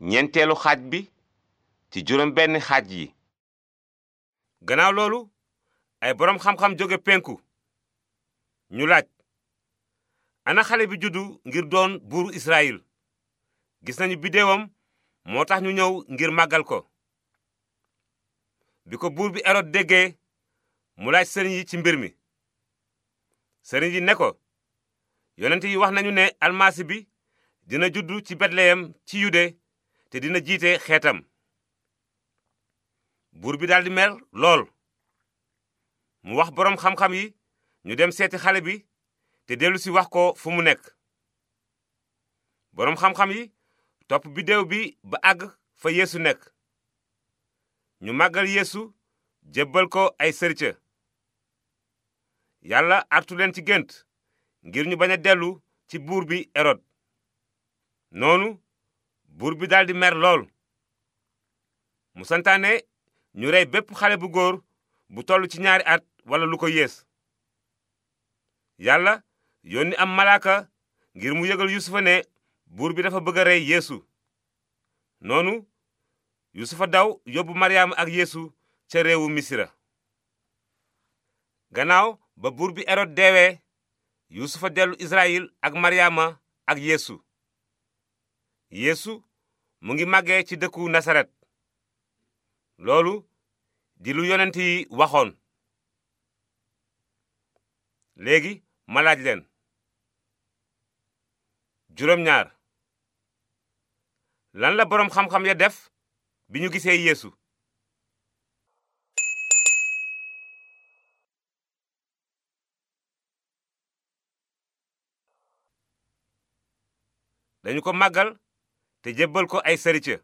ñeenteelu xaaj bi ci juróom benn xaaj yi ganaaw loolu ay boroom xamxam xam jóge penku ñu laaj ana xale bi juddu ngir doon buur Israyil gis nañu biddeewam moo tax ñu ñëw ngir màggal ko bi ko buur bi Erod déggee mu laaj sëriñ yi ci mbir mi sëriñ yi ne ko yonent yi wax nañu ne almasi bi dina juddu ci Betleyem ci yude te dina jiite xeetam buur bi daldi mer lool mu wax boroom xam-xam yi ñu dem seeti xale bi te dellu si wax ko fu mu nekk boroom xam-xam yi topp biddéew bi ba àgg fa yéesu nekk ñu màggal yéesu jébbal ko ay sërcë yàlla artu leen ci gént ngir ñu bañ a dellu ci buur bi erod noonu buur bi daldi mer lool mu santaane ñu rey bépp xale bu góor bu toll ci ñaari at wala lu ko yées yàlla yónni am malaaka ngir mu yëgal yusufa ne buur bi dafa bëgg a rey yéesu noonu yusufa daw yóbbu maryaama ak yéesu ca réewu misira gannaaw ba buur bi erod deewee yusufa dellu israyil ak maryaama ak yeesu mu ngi màggee ci dëkku nasaret loolu di lu yonent yi waxoon léegi ma laaj leen juróom lan la boroom xam-xam ya def bi ñu gisee yéesu dañu ko màggal te jébbal ko ay sarica